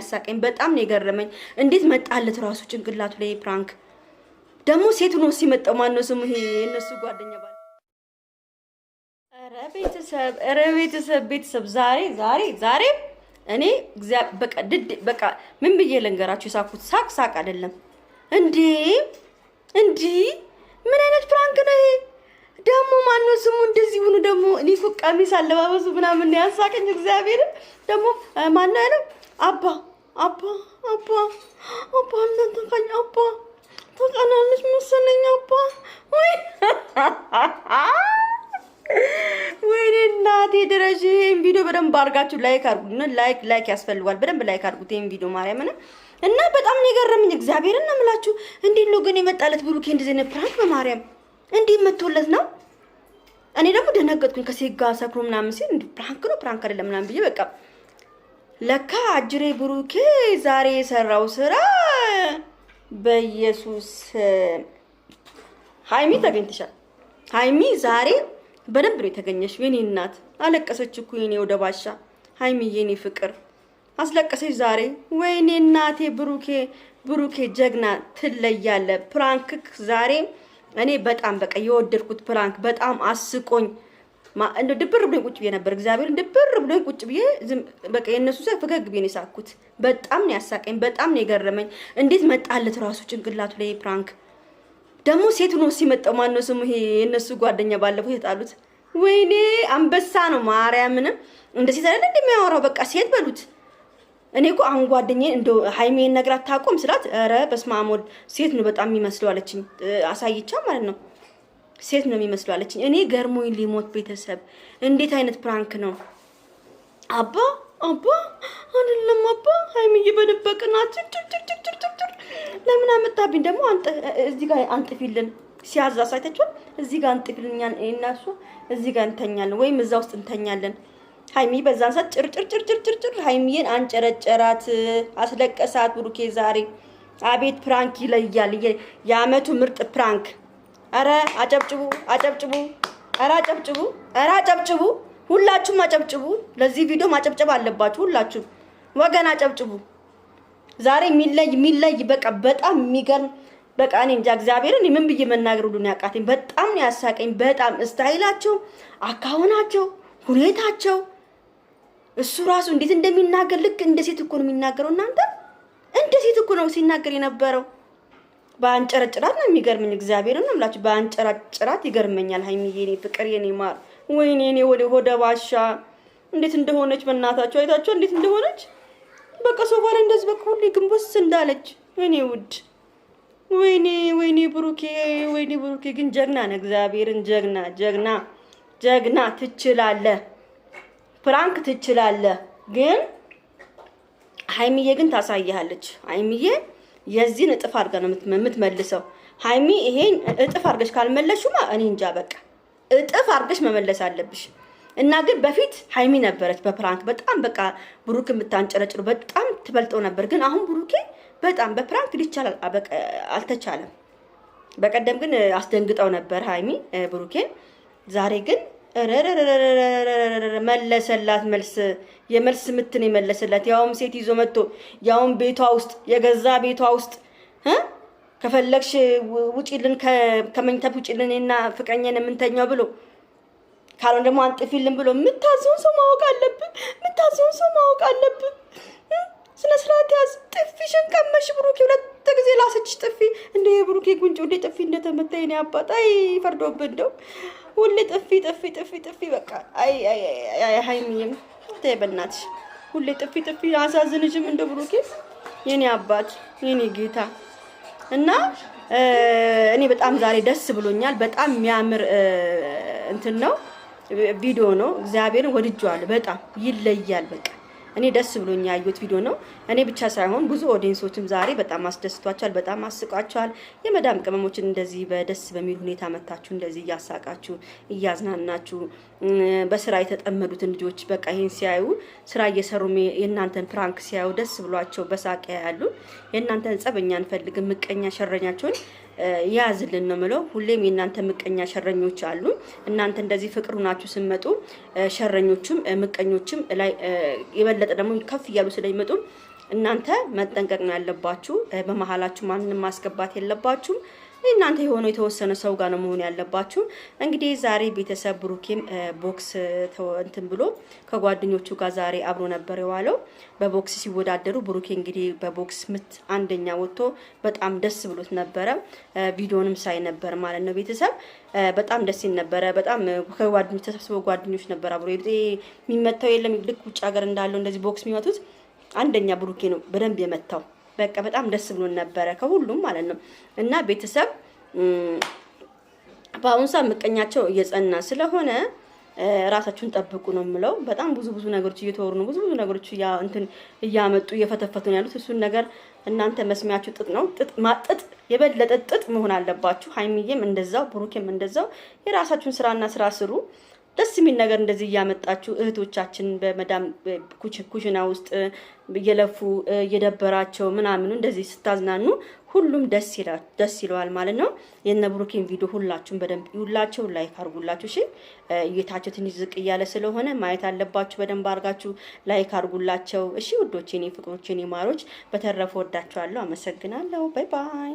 ያሳቀኝ። በጣም ነው የገረመኝ። እንዴት መጣለት ራሱ ጭንቅላቱ ላይ ፕራንክ ደግሞ ሴት ነው ሲመጣው ማነው ስሙ ይሄ የነሱ ጓደኛ ባል ቤተሰብ ኧረ ቤተሰብ ቤተሰብ ዛሬ ዛሬ ዛሬ እኔ በቃ ድድ በቃ ምን ብዬ ልንገራችሁ? የሳኩት ሳቅ ሳቅ አይደለም እንዴ እንዲህ ምን አይነት ፕራንክ ነው ይሄ ደግሞ ማነው ስሙ እንደዚህ ሆኖ ደግሞ እኔ እኮ ቀሚስ አለባበሱ ምናምን ያሳቀኝ እግዚአብሔር ደግሞ ማነው ያለው አባ አባ አባ አባ እንዳትነካኝ አባ ታውቃናለች መሰለኝ አባ ወይ ወይኔ እናቴ ደረጀ ይሄን ቪዲዮ በደንብ አድርጋችሁ ላይክ አድርጉት። ላይክ ላይክ ያስፈልጓል። በደንብ ላይክ አድርጉት ይሄን ቪዲዮ ማርያምን እና በጣም ነው የገረመኝ። እግዚአብሔርን ነው የምላችሁ። እንዴት ነው ግን የመጣለት ብሩኬ እንደዚህ ዓይነት ፕራንክ በማርያም እንዲህ መቶለት ነው። እኔ ደግሞ ደነገጥኩኝ። ከሴት ጋር ሰክሮ ምናምን ሲል ፕራንክ ነው ፕራንክ አይደለም ምናምን ብዬ በቃ ለካ አጅሬ ብሩኬ ዛሬ የሰራው ስራ በኢየሱስ ሀይሚ ተገኝተሻል። ሀይሚ ዛሬ በደንብ ነው የተገኘሽ። የኔ እናት አለቀሰች እኮ የኔ ወደ ባሻ ሀይሚ የኔ ፍቅር አስለቀሰች ዛሬ። ወይኔ እናቴ ብሩኬ ብሩኬ ጀግና ትለያለ። ፕራንክክ ዛሬ እኔ በጣም በቃ የወደድኩት ፕራንክ በጣም አስቆኝ። እንደ ድብር ብሎ ቁጭ ብዬ ነበር። እግዚአብሔር ድብር ብሎ ቁጭ ብዬ ዝም በቃ የነሱ ሰ ፈገግ ብዬ ነው የሳቅኩት። በጣም ነው ያሳቀኝ። በጣም ነው የገረመኝ። እንዴት መጣለት ራሱ ጭንቅላቱ ላይ ፕራንክ ደግሞ ሴት ነው ሲመጣው። ማነው ስሙ ይሄ የነሱ ጓደኛ ባለፈው የጣሉት? ወይኔ አንበሳ ነው ማርያምን። እንደ ሴት አይደል እንደሚያወራው በቃ ሴት በሉት። እኔ እኮ አሁን ጓደኛዬ እንደ ሀይሜን ነገር አታቆም ስላት፣ ኧረ በስመ አብ ሴት ነው በጣም የሚመስለው አለችኝ። አሳይቻ ማለት ነው ሴት ነው የሚመስለው አለችኝ። እኔ ገርሞኝ ሊሞት ቤተሰብ እንዴት አይነት ፕራንክ ነው? አባ አባ አንልም አባ ሀይሚዬ በደበቅናት ጭርጭርጭርጭርጭር ለምን አመጣብኝ ደግሞ እዚህ ጋር አንጥፊልን ሲያዛ ሳይተችል እዚህ ጋር አንጥፊልኛል እና እዚህ ጋር እንተኛለን ወይም እዛ ውስጥ እንተኛለን። ሀይሚ በዛን ሰዓት ጭርጭርጭርጭርጭር ሀይሚዬን አንጨረጨራት፣ አስለቀሳት። ብሩኬ ዛሬ አቤት ፕራንክ ይለያል። የአመቱ ምርጥ ፕራንክ ኧረ አጨብጭቡ፣ አጨብጭቡ፣ ኧረ አጨብጭቡ፣ ኧረ አጨብጭቡ። ሁላችሁም አጨብጭቡ። ለዚህ ቪዲዮ ማጨብጨብ አለባችሁ። ሁላችሁም ወገን አጨብጭቡ። ዛሬ የሚለይ የሚለይ በቃ በጣም የሚገርም በቃ እኔ እንጃ እግዚአብሔርን ምን ብዬ መናገር ሁሉን ያቃተኝ። በጣም ነው ያሳቀኝ። በጣም እስታይላቸው፣ አካሆናቸው፣ ሁኔታቸው እሱ ራሱ እንዴት እንደሚናገር ልክ እንደ ሴት እኮ ነው የሚናገረው። እናንተ እንደ ሴት እኮ ነው ሲናገር የነበረው። በአንጨረጭራት ነው የሚገርመኝ። እግዚአብሔር ነው የምላችሁ፣ በአንጨረጭራት ይገርመኛል። ሀይሚዬ የኔ ፍቅር የኔ ማር፣ ወይኔ የኔ ወደ ሆደ ባሻ እንዴት እንደሆነች በእናታችሁ አይታቸው እንዴት እንደሆነች በቃ ሰው ላይ እንደዚህ በቃ ሁሌ ግንቦስ እንዳለች ወይኔ ውድ ወይኔ ወይኔ ብሩኬ ወይኔ ብሩኬ ግን ጀግና ነ እግዚአብሔርን ጀግና ጀግና ጀግና። ትችላለህ፣ ፍራንክ ትችላለህ። ግን ሀይሚዬ ግን ታሳያለች ሀይሚዬ የዚህን እጥፍ አድርጋ ነው የምትመልሰው ሀይሚ። ይሄን እጥፍ አድርገሽ ካልመለሹማ እኔ እንጃ በቃ እጥፍ አድርገሽ መመለስ አለብሽ። እና ግን በፊት ሀይሚ ነበረች በፕራንክ በጣም በቃ ብሩክ የምታንጨረጭሩ በጣም ትበልጠው ነበር። ግን አሁን ብሩኬ በጣም በፕራንክ ሊቻላል አልተቻለም። በቀደም ግን አስደንግጠው ነበር ሀይሚ ብሩኬን። ዛሬ ግን መለሰላት መልስ የመልስ ምትን የመለሰላት ያውም ሴት ይዞ መጥቶ ያውም ቤቷ ውስጥ የገዛ ቤቷ ውስጥ ከፈለግሽ ውጪልን ከመኝታ ውጪልን እና ፍቅረኛን የምንተኛው ብሎ ካልሆነ ደግሞ አንጥፊልን ብሎ የምታዘውን ሰው ማወቅ አለብን። የምታዘውን ሰው ማወቅ አለብን። ስነ ስርዓት ያዝ። ጥፊሽን ቀመሽ ብሩኬ፣ ሁለት ጊዜ ላሰችሽ ጥፊ እንደ የብሩኬ ጉንጭ እንደ ጥፊ እንደተመታ ኔ አባጣይ ፈርዶብን እንደው ሁሌ ጥፊ ጥፊ ጥፊ ጥፊ በቃ አይ አይ አይ ሃይሚም ተይ በእናትሽ ሁሌ ጥፊ ጥፊ አሳዝንሽም እንደ ብሩኬ የኔ አባት የኔ ጌታ እና እኔ በጣም ዛሬ ደስ ብሎኛል። በጣም የሚያምር እንትን ነው ቪዲዮ ነው። እግዚአብሔርን ወድጀዋለሁ። በጣም ይለያል በቃ እኔ ደስ ብሎኝ ያዩት ቪዲዮ ነው። እኔ ብቻ ሳይሆን ብዙ ኦዲየንሶችም ዛሬ በጣም አስደስቷቸዋል፣ በጣም አስቋቸዋል። የመዳም ቅመሞችን እንደዚህ በደስ በሚል ሁኔታ መታችሁ እንደዚህ እያሳቃችሁ እያዝናናችሁ በስራ የተጠመዱትን ልጆች በቃ ይህን ሲያዩ ስራ እየሰሩ የእናንተን ፕራንክ ሲያዩ ደስ ብሏቸው በሳቅ ያሉ የእናንተን ጸበኛ አንፈልግም፣ ምቀኛ ሸረኛቸውን ያዝልን ነው ምለው። ሁሌም የእናንተ ምቀኛ ሸረኞች አሉ። እናንተ እንደዚህ ፍቅር ሁናችሁ ስመጡ ሸረኞቹም ምቀኞችም ላይ የበለጠ ደግሞ ከፍ እያሉ ስለሚመጡ እናንተ መጠንቀቅ ነው ያለባችሁ። በመሀላችሁ ማንንም ማስገባት የለባችሁም። እናንተ የሆነው የተወሰነ ሰው ጋር ነው መሆን ያለባችሁ። እንግዲህ ዛሬ ቤተሰብ ብሩኬም ቦክስ እንትን ብሎ ከጓደኞቹ ጋር ዛሬ አብሮ ነበር የዋለው። በቦክስ ሲወዳደሩ ብሩኬ እንግዲህ በቦክስ ምት አንደኛ ወጥቶ በጣም ደስ ብሎት ነበረ። ቪዲዮንም ሳይ ነበር ማለት ነው። ቤተሰብ በጣም ደስ ይል ነበረ። በጣም ከጓደኞች ተሰብስበ ጓደኞች ነበር አብሮ የሚመታው የለም ልክ ውጭ ሀገር እንዳለው እንደዚህ ቦክስ የሚመቱት አንደኛ ብሩኬ ነው በደንብ የመታው በቃ በጣም ደስ ብሎን ነበረ ከሁሉም ማለት ነው። እና ቤተሰብ በአሁኑ ሰዓት ምቀኛቸው እየጸና ስለሆነ ራሳችሁን ጠብቁ ነው የምለው። በጣም ብዙ ብዙ ነገሮች እየተወሩ ነው። ብዙ ብዙ ነገሮች እንትን እያመጡ እየፈተፈቱ ነው ያሉት። እሱን ነገር እናንተ መስሚያችሁ ጥጥ ነው። ጥጥ ማጥጥ የበለጠ ጥጥ መሆን አለባችሁ። ሀይሚዬም እንደዛው፣ ብሩኬም እንደዛው። የራሳችሁን ስራና ስራ ስሩ። ደስ የሚል ነገር እንደዚህ እያመጣችሁ እህቶቻችን በመዳም ኩሽና ውስጥ እየለፉ እየደበራቸው ምናምኑ እንደዚህ ስታዝናኑ ሁሉም ደስ ይለዋል ማለት ነው። የነ ብሩኬን ቪዲዮ ሁላችሁም በደንብ ይውላቸው ላይክ አርጉላችሁ። እሺ እይታቸው ትንሽ ዝቅ እያለ ስለሆነ ማየት አለባችሁ። በደንብ አርጋችሁ ላይክ አርጉላቸው። እሺ ውዶች፣ ኔ ፍቅሮች፣ ኔ ማሮች፣ በተረፈ ወዳችኋለሁ። አመሰግናለሁ። ባይ ባይ